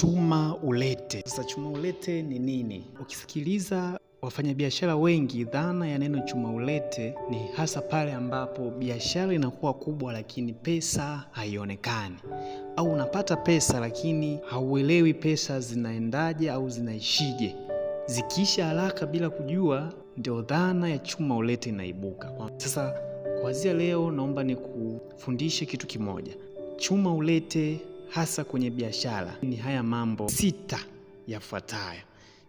chuma ulete. Sasa chuma ulete ni nini? Ukisikiliza wafanyabiashara wengi, dhana ya neno chuma ulete ni hasa pale ambapo biashara inakuwa kubwa lakini pesa haionekani, au unapata pesa lakini hauelewi pesa zinaendaje au zinaishije, zikiisha haraka bila kujua, ndio dhana ya chuma ulete inaibuka. Sasa kuanzia leo, naomba nikufundishe kitu kimoja: chuma ulete hasa kwenye biashara ni haya mambo sita yafuatayo.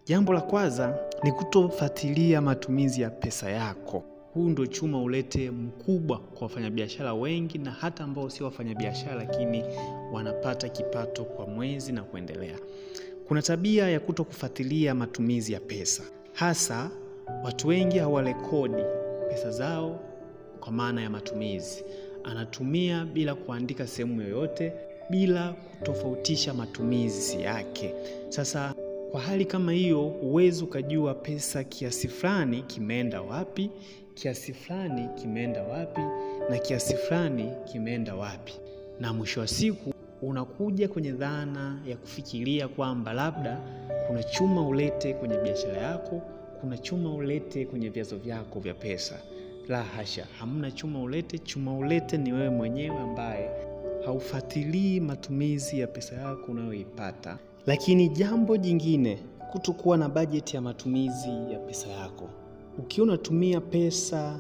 Jambo la kwanza ni kutofuatilia matumizi ya pesa yako. Huu ndio chuma ulete mkubwa kwa wafanyabiashara wengi na hata ambao sio wafanyabiashara, lakini wanapata kipato kwa mwezi na kuendelea. Kuna tabia ya kuto kufuatilia matumizi ya pesa, hasa watu wengi hawarekodi pesa zao kwa maana ya matumizi. Anatumia bila kuandika sehemu yoyote bila kutofautisha matumizi yake. Sasa kwa hali kama hiyo, huwezi ukajua pesa kiasi fulani kimeenda wapi, kiasi fulani kimeenda wapi, na kiasi fulani kimeenda wapi, na mwisho wa siku unakuja kwenye dhana ya kufikiria kwamba labda kuna chuma ulete kwenye biashara yako, kuna chuma ulete kwenye vyanzo vyako vya pesa. La hasha, hamna chuma ulete. Chuma ulete ni wewe mwenyewe ambaye haufuatilii matumizi ya pesa yako unayoipata. Lakini jambo jingine, kutokuwa na bajeti ya matumizi ya pesa yako. Ukiwa unatumia pesa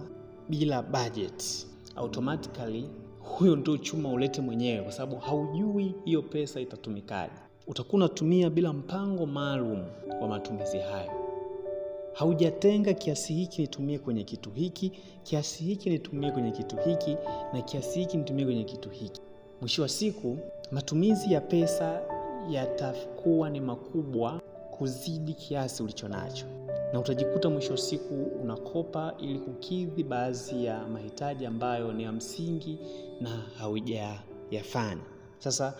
bila bajeti, automatically huyo ndio chuma ulete mwenyewe, kwa sababu haujui hiyo pesa itatumikaje. Utakuwa unatumia bila mpango maalum wa matumizi hayo. Haujatenga kiasi hiki nitumie kwenye kitu hiki, kiasi hiki nitumie kwenye kitu hiki, na kiasi hiki nitumie kwenye kitu hiki. Mwisho wa siku, matumizi ya pesa yatakuwa ni makubwa kuzidi kiasi ulicho nacho, na utajikuta mwisho wa siku unakopa ili kukidhi baadhi ya mahitaji ambayo ni ya msingi na haujayafanya. Sasa,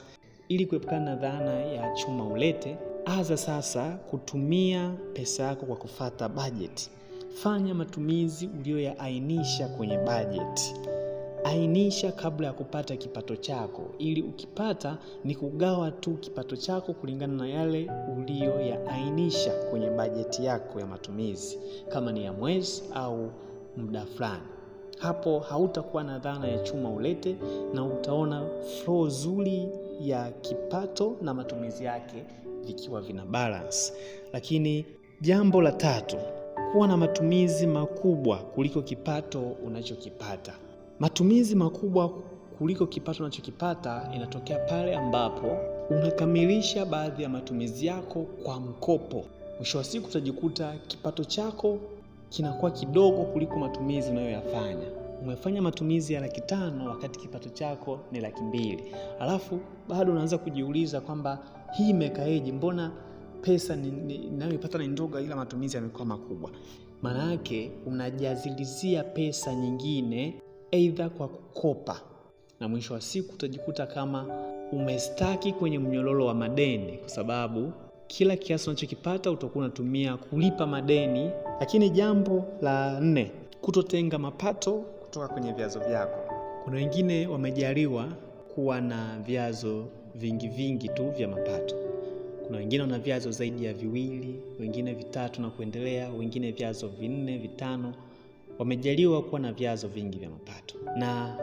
ili kuepukana na dhana ya chuma ulete, aza sasa kutumia pesa yako kwa kufata bajeti. Fanya matumizi uliyoyaainisha kwenye bajeti ainisha kabla ya kupata kipato chako, ili ukipata ni kugawa tu kipato chako kulingana na yale uliyoyaainisha kwenye bajeti yako ya matumizi, kama ni ya mwezi au muda fulani. Hapo hautakuwa na dhana ya chuma ulete, na utaona flow zuri ya kipato na matumizi yake vikiwa vina balance. Lakini jambo la tatu, kuwa na matumizi makubwa kuliko kipato unachokipata. Matumizi makubwa kuliko kipato unachokipata inatokea pale ambapo unakamilisha baadhi ya matumizi yako kwa mkopo. Mwisho wa siku utajikuta kipato chako kinakuwa kidogo kuliko matumizi unayoyafanya. Umefanya matumizi ya laki tano wakati kipato chako ni laki mbili, alafu bado unaanza kujiuliza kwamba hii imekaeje, mbona pesa ninayoipata ni, ni, ni ndogo ila matumizi yamekuwa makubwa. Maana yake unajazilizia pesa nyingine aidha kwa kukopa, na mwisho wa siku utajikuta kama umestaki kwenye mnyororo wa madeni, kwa sababu kila kiasi unachokipata utakuwa unatumia kulipa madeni. Lakini jambo la nne, kutotenga mapato kutoka kwenye vyanzo vyako. Kuna wengine wamejaliwa kuwa na vyanzo vingi vingi tu vya mapato. Kuna wengine wana vyanzo zaidi ya viwili, wengine vitatu na kuendelea, wengine vyanzo vinne, vitano wamejaliwa kuwa na vyazo vingi vya mapato, na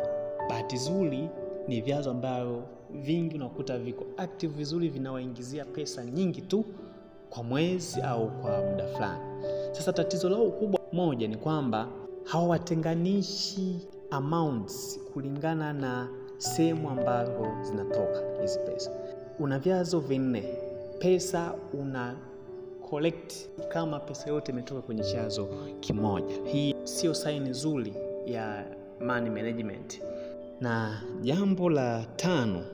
bahati nzuri ni vyazo ambavyo vingi unakuta viko active vizuri, vinawaingizia pesa nyingi tu kwa mwezi au kwa muda fulani. Sasa tatizo lao kubwa moja ni kwamba hawatenganishi amounts kulingana na sehemu ambazo zinatoka hizi pesa. Una vyazo vinne pesa una collect kama pesa yote imetoka kwenye chanzo kimoja. Hii sio saini nzuri ya money management. Na jambo la tano,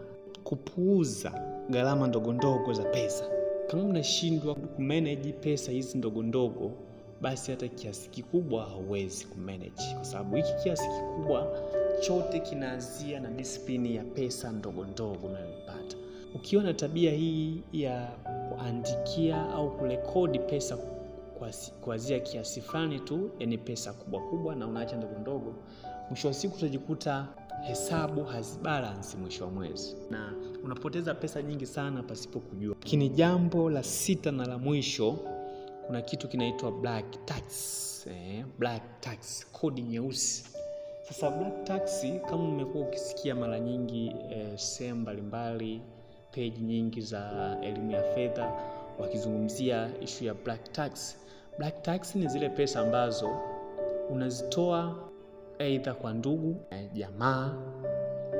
kupuuza gharama ndogondogo za pesa. Kama mnashindwa kumanage pesa hizi ndogondogo, basi hata kiasi kikubwa hauwezi kumanage, kwa sababu hiki kiasi kikubwa chote kinaanzia na disiplini ya pesa ndogondogo unayoipata. Ukiwa na tabia hii ya kuandikia au kurekodi pesa kuanzia kiasi fulani tu, yani pesa kubwa kubwa, na unaacha ndogo ndogo, mwisho wa siku utajikuta hesabu hazibalansi mwisho wa mwezi na unapoteza pesa nyingi sana pasipo kujua. Lakini jambo la sita na la mwisho, kuna kitu kinaitwa black tax. Eh, black tax, kodi nyeusi. Sasa black tax, kama umekuwa ukisikia mara nyingi eh, sehemu mbalimbali peji nyingi za elimu ya fedha wakizungumzia ishu ya black tax. Black tax ni zile pesa ambazo unazitoa aidha kwa ndugu, jamaa,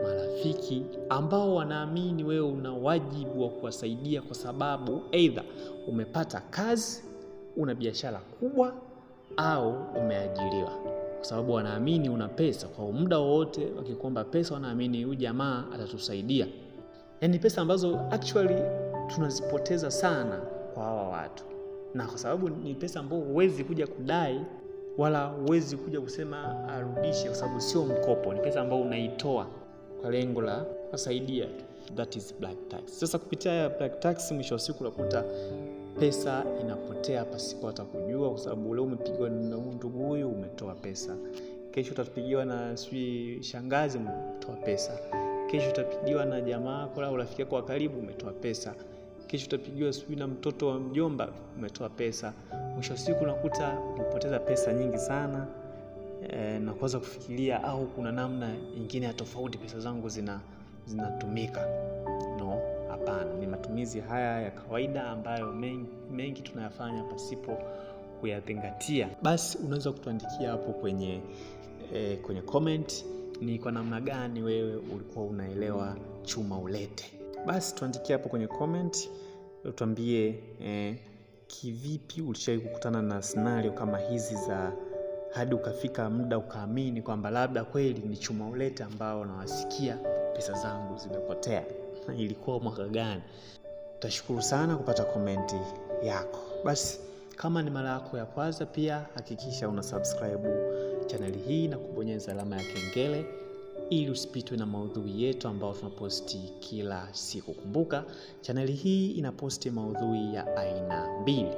marafiki ambao wanaamini wewe una wajibu wa kuwasaidia kwa sababu aidha umepata kazi, una biashara kubwa au umeajiriwa, kwa sababu wanaamini una pesa. Kwa muda wowote wakikuomba pesa, wanaamini huyu jamaa atatusaidia yani pesa ambazo actually tunazipoteza sana kwa hawa watu, na kwa sababu ni pesa ambazo huwezi kuja kudai wala huwezi kuja kusema arudishe, kwa sababu sio mkopo, ni pesa ambayo unaitoa kwa lengo la kusaidia. That is black tax. Sasa kupitia black tax, mwisho wa siku unakuta pesa inapotea pasipo hata kujua, kwa sababu leo umepigiwa na ndugu huyu umetoa pesa, kesho utapigiwa na sijui shangazi umetoa pesa kesho utapigiwa na jamaa yako au rafiki yako wa karibu, umetoa pesa. Kesho utapigiwa sijui na mtoto wa mjomba, umetoa pesa. Mwisho wa siku unakuta umepoteza pesa nyingi sana e, na kuanza kufikiria au kuna namna nyingine ya tofauti pesa zangu zina zinatumika. No, hapana, ni matumizi haya ya kawaida ambayo mengi, mengi tunayafanya pasipo kuyazingatia. Basi unaweza kutuandikia hapo kwenye, e, kwenye comment ni kwa namna gani wewe ulikuwa unaelewa chuma ulete. Basi tuandikie hapo kwenye comment, utuambie eh, kivipi ulishawahi kukutana na scenario kama hizi za hadi ukafika muda ukaamini kwamba labda kweli ni chuma ulete ambao nawasikia pesa zangu zimepotea. Ilikuwa mwaka gani? Tashukuru sana kupata komenti yako basi. Kama ni mara yako ya kwanza, pia hakikisha una subscribe chaneli hii na kubonyeza alama ya kengele ili usipitwe na maudhui yetu ambayo tunaposti kila siku. Kumbuka, chaneli hii inaposti maudhui ya aina mbili.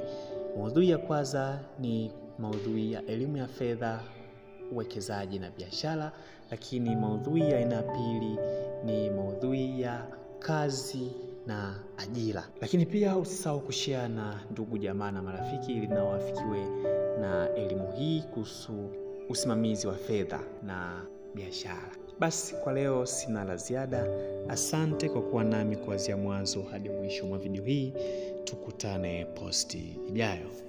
Maudhui ya kwanza ni maudhui ya elimu ya fedha, uwekezaji na biashara, lakini maudhui ya aina ya pili ni maudhui ya kazi na ajira. Lakini pia usisahau kushare na ndugu jamaa na marafiki, ili nao wafikiwe na elimu hii kuhusu usimamizi wa fedha na biashara. Basi kwa leo sina la ziada. Asante kwa kuwa nami kuanzia mwanzo hadi mwisho mwa video hii. Tukutane posti ijayo.